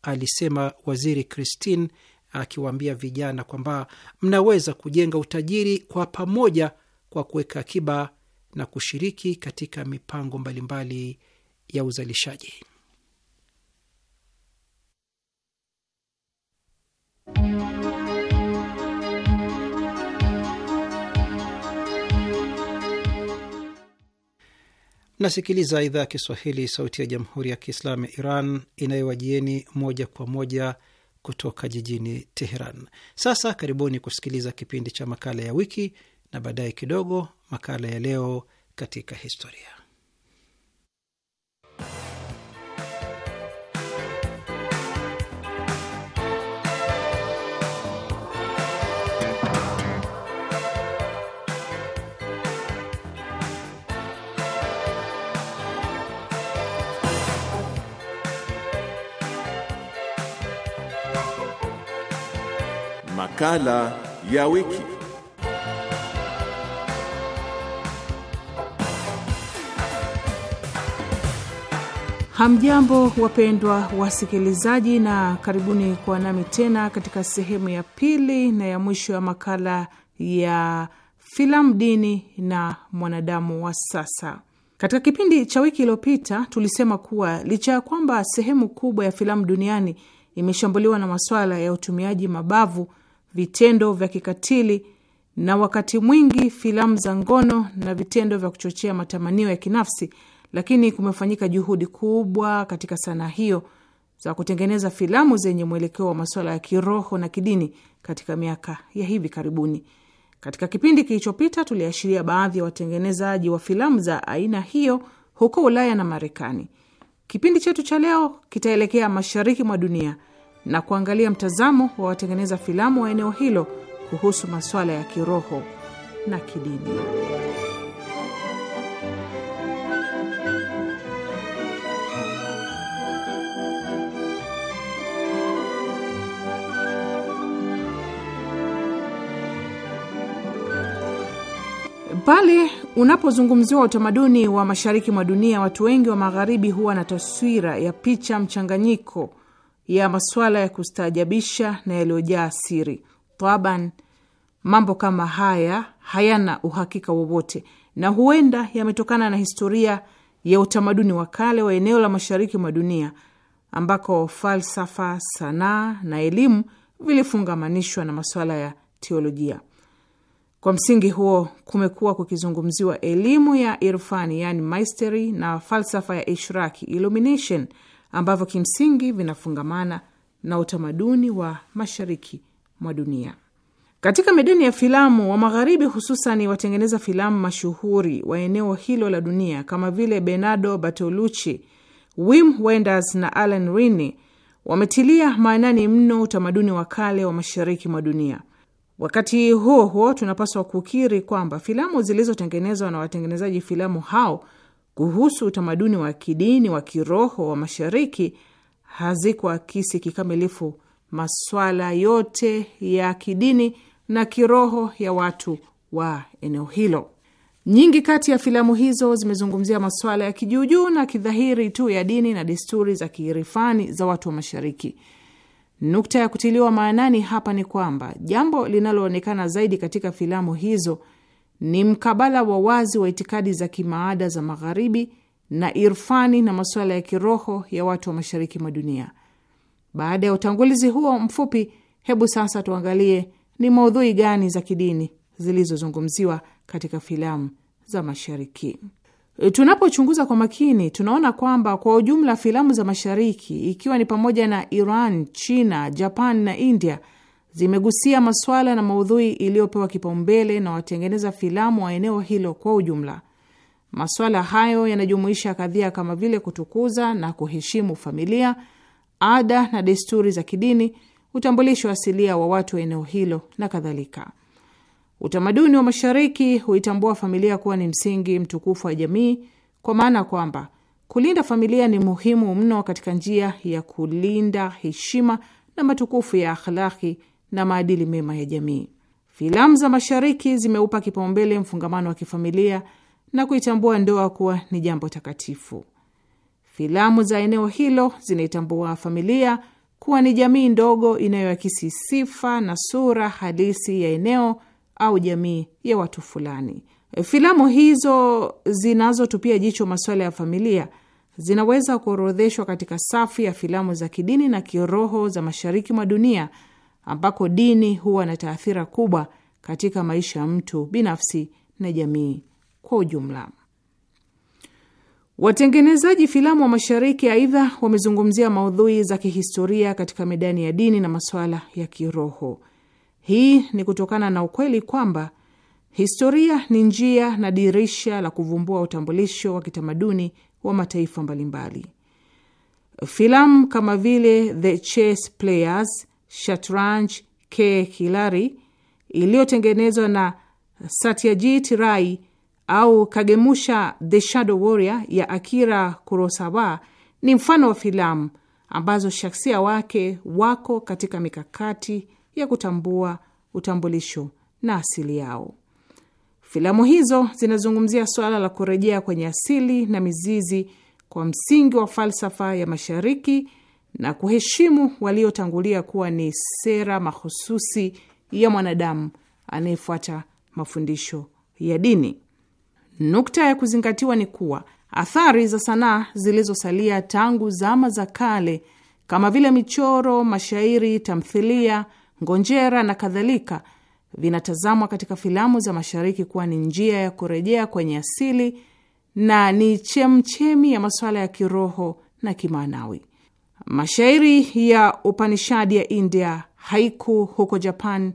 alisema Waziri Christine akiwaambia vijana kwamba mnaweza kujenga utajiri kwa pamoja kwa kuweka akiba na kushiriki katika mipango mbalimbali ya uzalishaji. nasikiliza idhaa ya Kiswahili, sauti ya jamhuri ya kiislamu ya Iran inayowajieni moja kwa moja kutoka jijini Teheran. Sasa karibuni kusikiliza kipindi cha makala ya wiki na baadaye kidogo makala ya leo katika historia. Makala ya wiki. Hamjambo, wapendwa wasikilizaji, na karibuni kuwa nami tena katika sehemu ya pili na ya mwisho ya makala ya filamu, dini na mwanadamu wa sasa. Katika kipindi cha wiki iliyopita tulisema kuwa licha ya kwamba sehemu kubwa ya filamu duniani imeshambuliwa na masuala ya utumiaji mabavu vitendo vya kikatili na wakati mwingi filamu za ngono na vitendo vya kuchochea matamanio ya kinafsi, lakini kumefanyika juhudi kubwa katika sanaa hiyo za kutengeneza filamu zenye mwelekeo wa masuala ya kiroho na kidini katika miaka ya hivi karibuni. Katika kipindi kilichopita, tuliashiria baadhi ya watengenezaji wa filamu za aina hiyo huko Ulaya na Marekani. Kipindi chetu cha leo kitaelekea mashariki mwa dunia na kuangalia mtazamo wa watengeneza filamu wa eneo hilo kuhusu masuala ya kiroho na kidini. Pale unapozungumziwa utamaduni wa mashariki mwa dunia, watu wengi wa magharibi huwa na taswira ya picha mchanganyiko ya masuala ya kustaajabisha na yaliyojaa siri taban. Mambo kama haya hayana uhakika wowote na huenda yametokana na historia ya utamaduni wa kale wa eneo la mashariki mwa dunia ambako falsafa, sanaa na elimu vilifungamanishwa na masuala ya teolojia. Kwa msingi huo, kumekuwa kukizungumziwa elimu ya irfani, yani maisteri, na falsafa ya ishraki, illumination ambavyo kimsingi vinafungamana na utamaduni wa mashariki mwa dunia. Katika medeni ya filamu wa Magharibi, hususan watengeneza filamu mashuhuri wa eneo hilo la dunia kama vile Bernardo Bertolucci, Wim Wenders na Alan Rini wametilia maanani mno utamaduni wa kale wa mashariki mwa dunia. Wakati huo huo, tunapaswa kukiri kwamba filamu zilizotengenezwa na watengenezaji filamu hao kuhusu utamaduni wa kidini wa kiroho wa Mashariki hazikuakisi kikamilifu maswala yote ya kidini na kiroho ya watu wa eneo hilo. Nyingi kati ya filamu hizo zimezungumzia masuala ya kijuujuu na kidhahiri tu ya dini na desturi za kiirifani za watu wa Mashariki. Nukta ya kutiliwa maanani hapa ni kwamba jambo linaloonekana zaidi katika filamu hizo ni mkabala wa wazi wa itikadi za kimaada za Magharibi na irfani na masuala ya kiroho ya watu wa mashariki mwa dunia. Baada ya utangulizi huo mfupi, hebu sasa tuangalie ni maudhui gani za kidini zilizozungumziwa katika filamu za mashariki. E, tunapochunguza kwa makini, tunaona kwamba kwa ujumla filamu za mashariki, ikiwa ni pamoja na Iran, China, Japan na India zimegusia masuala na maudhui iliyopewa kipaumbele na watengeneza filamu wa eneo hilo kwa ujumla. Masuala hayo yanajumuisha kadhia kama vile kutukuza na kuheshimu familia, ada na desturi za kidini, utambulisho asilia wa watu wa eneo hilo na kadhalika. Utamaduni wa Mashariki huitambua familia kuwa ni msingi mtukufu wa jamii, kwa maana kwamba kulinda familia ni muhimu mno katika njia ya kulinda heshima na matukufu ya akhlaki na maadili mema ya jamii. Filamu za Mashariki zimeupa kipaumbele mfungamano wa kifamilia na kuitambua ndoa kuwa ni jambo takatifu. Filamu za eneo hilo zinaitambua familia kuwa ni jamii ndogo inayoakisi sifa na sura halisi ya eneo au jamii ya watu fulani. Filamu hizo zinazotupia jicho masuala ya familia zinaweza kuorodheshwa katika safu ya filamu za kidini na kiroho za mashariki mwa dunia ambako dini huwa na taathira kubwa katika maisha ya mtu binafsi na jamii kwa ujumla. Watengenezaji filamu wa Mashariki aidha wamezungumzia maudhui za kihistoria katika medani ya dini na masuala ya kiroho. Hii ni kutokana na ukweli kwamba historia ni njia na dirisha la kuvumbua utambulisho wa kitamaduni wa mataifa mbalimbali. Filamu kama vile The Chess Players Shatranj k Kilari iliyotengenezwa na Satyajit Rai au Kagemusha The Shadow Warrior ya Akira Kurosawa ni mfano wa filamu ambazo shaksia wake wako katika mikakati ya kutambua utambulisho na asili yao. Filamu hizo zinazungumzia suala la kurejea kwenye asili na mizizi kwa msingi wa falsafa ya Mashariki na kuheshimu waliotangulia kuwa ni sera mahususi ya mwanadamu anayefuata mafundisho ya dini. Nukta ya kuzingatiwa ni kuwa athari za sanaa zilizosalia tangu zama za kale kama vile michoro, mashairi, tamthilia, ngonjera na kadhalika vinatazamwa katika filamu za Mashariki kuwa ni njia ya kurejea kwenye asili na ni chemchemi ya masuala ya kiroho na kimaanawi. Mashairi ya Upanishadi ya India, haiku huko Japan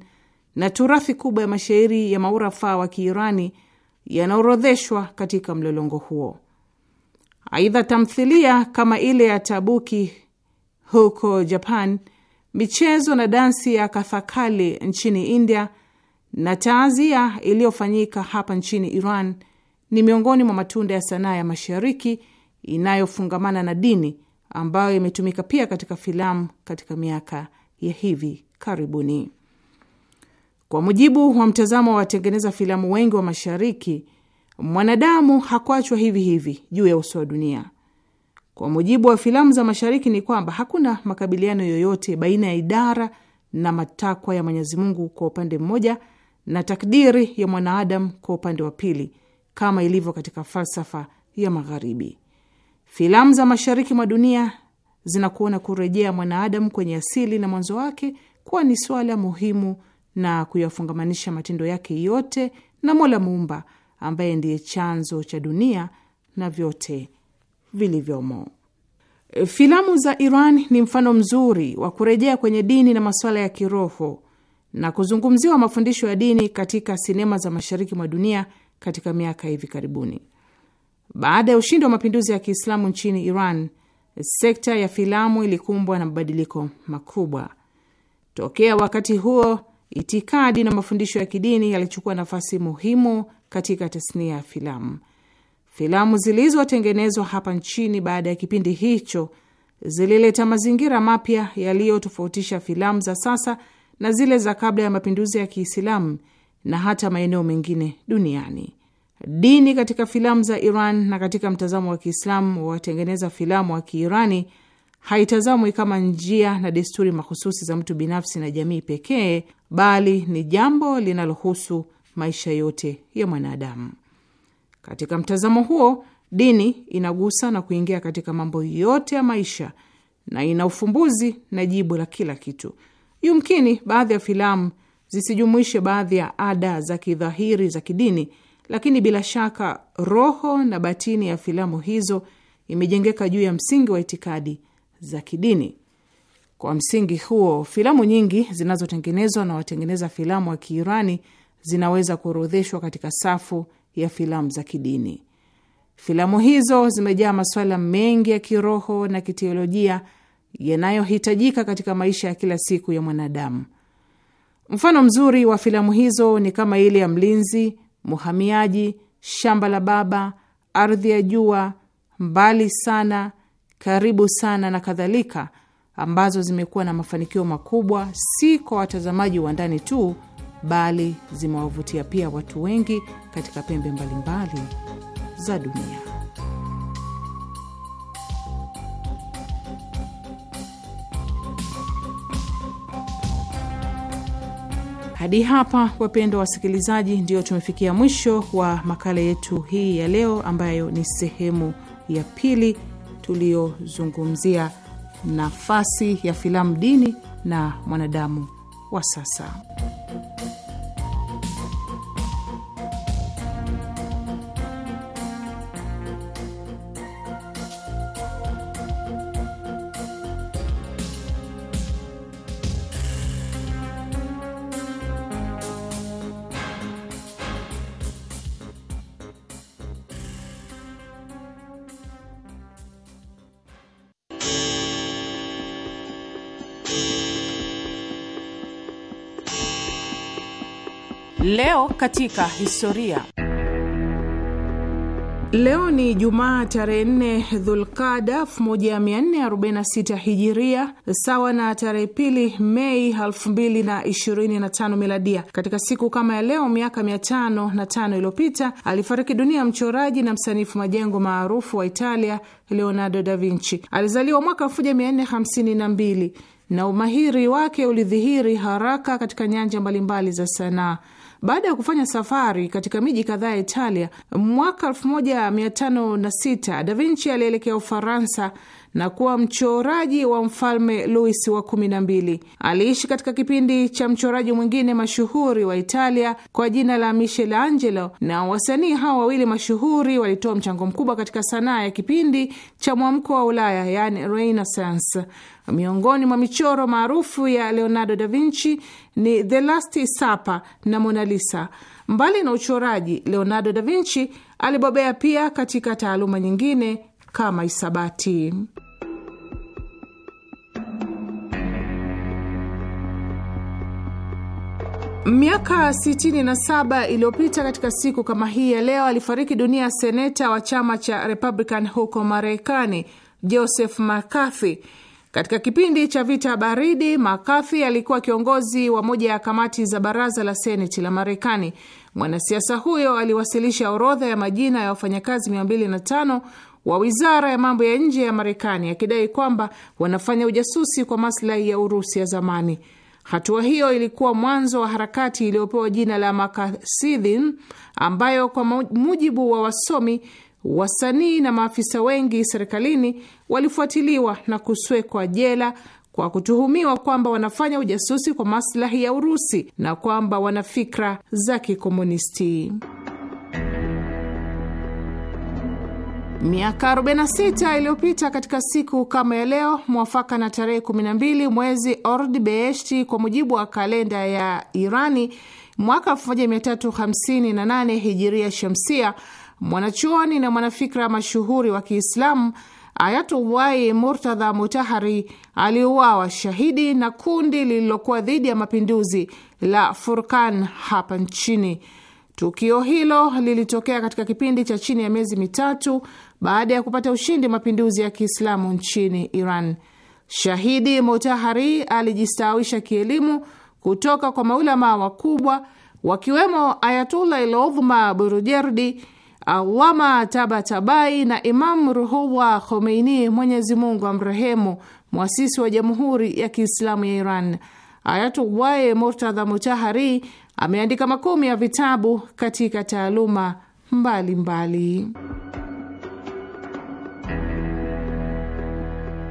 na turathi kubwa ya mashairi ya maurafaa wa Kiirani yanaorodheshwa katika mlolongo huo. Aidha, tamthilia kama ile ya Tabuki huko Japan, michezo na dansi ya Kathakali nchini India na taazia iliyofanyika hapa nchini Iran ni miongoni mwa matunda ya sanaa ya Mashariki inayofungamana na dini ambayo imetumika pia katika filamu katika miaka ya hivi karibuni. Kwa mujibu wa mtazamo wa watengeneza filamu wengi wa Mashariki, mwanadamu hakuachwa hivi hivi juu ya uso wa dunia. Kwa mujibu wa filamu za Mashariki ni kwamba hakuna makabiliano yoyote baina ya idara na matakwa ya Mwenyezi Mungu kwa upande mmoja na takdiri ya mwanaadamu kwa upande wa pili, kama ilivyo katika falsafa ya Magharibi. Filamu za mashariki mwa dunia zinakuona kurejea mwanaadamu kwenye asili na mwanzo wake kuwa ni swala muhimu na kuyafungamanisha matendo yake yote na Mola Muumba ambaye ndiye chanzo cha dunia na vyote vilivyomo. Filamu za Iran ni mfano mzuri wa kurejea kwenye dini na masuala ya kiroho na kuzungumziwa mafundisho ya dini katika sinema za mashariki mwa dunia katika miaka hivi karibuni. Baada ya ushindi wa mapinduzi ya Kiislamu nchini Iran, sekta ya filamu ilikumbwa na mabadiliko makubwa. Tokea wakati huo, itikadi na mafundisho ya kidini yalichukua nafasi muhimu katika tasnia ya filamu. Filamu zilizotengenezwa hapa nchini baada ya kipindi hicho zilileta mazingira mapya yaliyotofautisha filamu za sasa na zile za kabla ya mapinduzi ya Kiislamu na hata maeneo mengine duniani. Dini katika filamu za Iran na katika mtazamo wa Kiislamu wa watengeneza filamu wa Kiirani haitazamwi kama njia na desturi mahususi za mtu binafsi na jamii pekee, bali ni jambo linalohusu maisha yote ya mwanadamu. Katika mtazamo huo, dini inagusa na kuingia katika mambo yote ya maisha na ina ufumbuzi na jibu la kila kitu. Yumkini baadhi ya filamu zisijumuishe baadhi ya ada za kidhahiri za kidini lakini bila shaka roho na batini ya filamu hizo imejengeka juu ya msingi wa itikadi za kidini. Kwa msingi huo, filamu nyingi zinazotengenezwa na watengeneza filamu wa Kiirani zinaweza kuorodheshwa katika safu ya filamu za kidini. Filamu hizo zimejaa masuala mengi ya kiroho na kiteolojia yanayohitajika katika maisha ya kila siku ya mwanadamu. Mfano mzuri wa filamu hizo ni kama ile ya Mlinzi Muhamiaji, Shamba la Baba, Ardhi ya Jua, Mbali Sana, Karibu Sana na kadhalika, ambazo zimekuwa na mafanikio makubwa si kwa watazamaji wa ndani tu, bali zimewavutia pia watu wengi katika pembe mbalimbali za dunia. Hadi hapa, wapendwa wasikilizaji, ndio tumefikia mwisho wa makala yetu hii ya leo, ambayo ni sehemu ya pili tuliyozungumzia nafasi ya filamu dini na mwanadamu wa sasa. katika historia. Leo ni Jumaa tarehe 4 Dhulqada 1446 Hijiria, sawa na tarehe pili Mei 2025 Miladia. Katika siku kama ya leo miaka mia tano na tano iliyopita alifariki dunia mchoraji na msanifu majengo maarufu wa Italia Leonardo da Vinci. Alizaliwa mwaka 1452 na umahiri wake ulidhihiri haraka katika nyanja mbalimbali za sanaa. Baada ya kufanya safari katika miji kadhaa ya Italia, mwaka 1506 Da Vinci alielekea Ufaransa na kuwa mchoraji wa mfalme Louis wa kumi na mbili. Aliishi katika kipindi cha mchoraji mwingine mashuhuri wa Italia kwa jina la Michelangelo, na wasanii hawa wawili mashuhuri walitoa mchango mkubwa katika sanaa ya kipindi cha mwamko wa Ulaya, yani Renaissance. Miongoni mwa michoro maarufu ya Leonardo da Vinci ni The Last Supper na Mona Lisa. Mbali na uchoraji, Leonardo da Vinci alibobea pia katika taaluma nyingine kama isabati Miaka 67 iliyopita katika siku kama hii ya leo alifariki dunia ya seneta wa chama cha Republican huko Marekani, Joseph McCarthy. Katika kipindi cha vita baridi, McCarthy alikuwa kiongozi wa moja ya kamati za baraza la seneti la Marekani. Mwanasiasa huyo aliwasilisha orodha ya majina ya wafanyakazi 205 wa wizara ya mambo ya nje ya Marekani akidai kwamba wanafanya ujasusi kwa maslahi ya Urusi ya zamani. Hatua hiyo ilikuwa mwanzo wa harakati iliyopewa jina la Makasidhin, ambayo kwa mujibu wa wasomi, wasanii na maafisa wengi serikalini walifuatiliwa na kuswekwa jela kwa kutuhumiwa kwamba wanafanya ujasusi kwa maslahi ya Urusi na kwamba wana fikra za kikomunisti. Miaka 46 iliyopita katika siku kama ya leo, mwafaka na tarehe 12 mwezi ord Beeshti kwa mujibu wa kalenda ya Irani mwaka 1358 hijiria shamsia, mwanachuoni na mwanafikra mashuhuri wa Kiislamu Ayatullahi Murtadha Mutahari aliuawa shahidi na kundi lililokuwa dhidi ya mapinduzi la Furkan hapa nchini. Tukio hilo lilitokea katika kipindi cha chini ya miezi mitatu baada ya kupata ushindi mapinduzi ya Kiislamu nchini Iran. Shahidi Motahari alijistawisha kielimu kutoka kwa maulamaa wakubwa wakiwemo Ayatullah Ilodhma Burujerdi, Allama Tabatabai na Imam Ruhullah Khomeini, Mwenyezi Mungu amrehemu, mwasisi wa Jamhuri ya Kiislamu ya Iran. Ayatullah Murtadha Mutahari ameandika makumi ya vitabu katika taaluma mbalimbali mbali.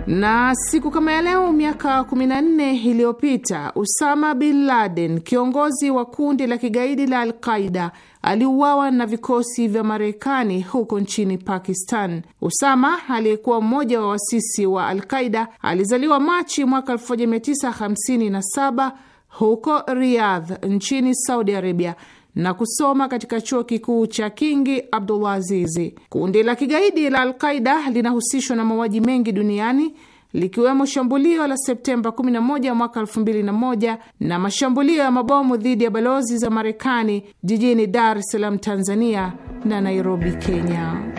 Na siku kama ya leo miaka 14 iliyopita Usama bin Laden, kiongozi wa kundi la kigaidi la Alqaida, aliuawa na vikosi vya Marekani huko nchini Pakistan. Usama aliyekuwa mmoja wa wasisi wa Alqaida alizaliwa Machi mwaka 1957 huko Riyadh nchini Saudi Arabia na kusoma katika chuo kikuu cha Kingi Abdullah Azizi. Kundi la kigaidi la Alqaida linahusishwa na mauaji mengi duniani likiwemo shambulio la Septemba 11 mwaka 2001 na mashambulio ya mabomu dhidi ya balozi za Marekani jijini Dar es Salaam, Tanzania na Nairobi, Kenya.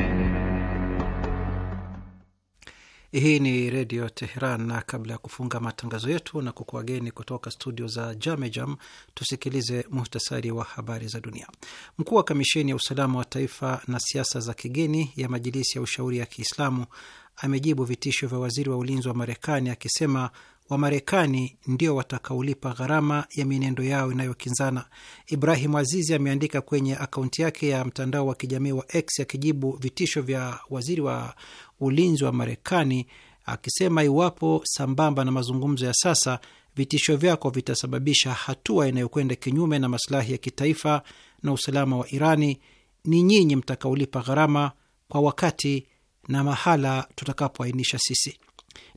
Hii ni Redio Teheran, na kabla ya kufunga matangazo yetu na kukuageni kutoka studio za Jamejam, tusikilize muhtasari wa habari za dunia. Mkuu wa kamisheni ya usalama wa taifa na siasa za kigeni ya Majilisi ya Ushauri ya Kiislamu amejibu vitisho vya waziri wa ulinzi wa Marekani akisema Wamarekani ndio watakaolipa gharama ya mienendo yao inayokinzana. Ibrahim Azizi ameandika kwenye akaunti yake ya mtandao wa kijamii wa X akijibu vitisho vya waziri wa ulinzi wa Marekani, akisema iwapo, sambamba na mazungumzo ya sasa, vitisho vyako vitasababisha hatua inayokwenda kinyume na masilahi ya kitaifa na usalama wa Irani, ni nyinyi mtakaolipa gharama kwa wakati na mahala tutakapoainisha sisi.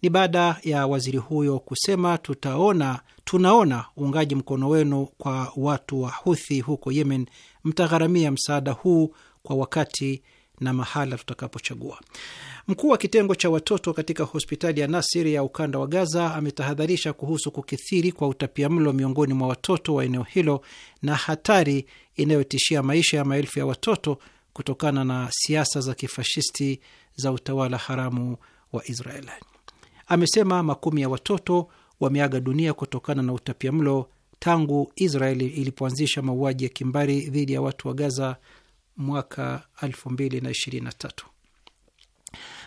Ni baada ya waziri huyo kusema tutaona, tunaona uungaji mkono wenu kwa watu wa Huthi huko Yemen, mtagharamia msaada huu kwa wakati na mahala tutakapochagua. Mkuu wa kitengo cha watoto katika hospitali ya Nasiri ya ukanda wa Gaza ametahadharisha kuhusu kukithiri kwa utapiamlo miongoni mwa watoto wa eneo hilo na hatari inayotishia maisha ya maelfu ya watoto kutokana na siasa za kifashisti za utawala haramu wa Israel. Amesema makumi ya watoto wameaga dunia kutokana na utapiamlo tangu Israeli ilipoanzisha mauaji ya kimbari dhidi ya watu wa Gaza mwaka 2023.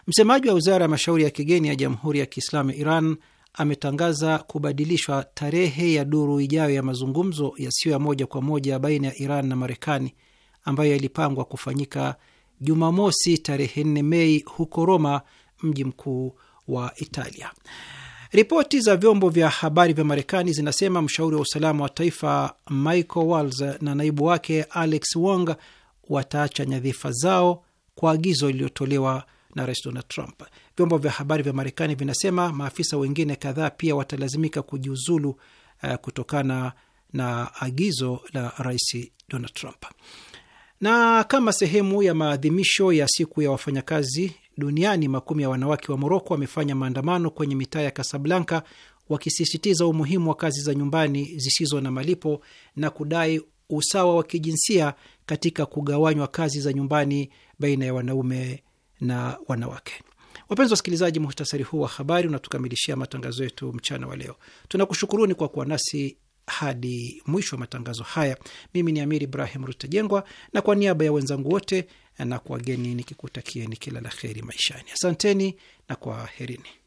Msemaji wa wizara ya mashauri ya kigeni ya Jamhuri ya Kiislamu ya Iran ametangaza kubadilishwa tarehe ya duru ijayo ya mazungumzo yasiyo ya moja kwa moja baina ya Iran na Marekani ambayo yalipangwa kufanyika Jumamosi tarehe 4 Mei huko Roma, mji mkuu wa Italia. Ripoti za vyombo vya habari vya Marekani zinasema mshauri wa usalama wa taifa Michael wals na naibu wake Alex Wong wataacha nyadhifa zao kwa agizo iliyotolewa na Rais Donald Trump. Vyombo vya habari vya Marekani vinasema maafisa wengine kadhaa pia watalazimika kujiuzulu uh, kutokana na agizo la Rais Donald Trump. Na kama sehemu ya maadhimisho ya siku ya wafanyakazi duniani, makumi ya wanawake wa Moroko wamefanya maandamano kwenye mitaa ya Kasablanka wakisisitiza umuhimu wa kazi za nyumbani zisizo na malipo na kudai usawa wa kijinsia katika kugawanywa kazi za nyumbani baina ya wanaume na wanawake. Wapenzi wasikilizaji, muhtasari huu wa habari unatukamilishia matangazo yetu mchana wa leo. Tunakushukuruni kwa kuwa nasi hadi mwisho wa matangazo haya. Mimi ni Amiri Ibrahim Rutajengwa, na kwa niaba ya wenzangu wote na geni, nikikutakieni kila la kheri maishani. Asanteni na kwaherini.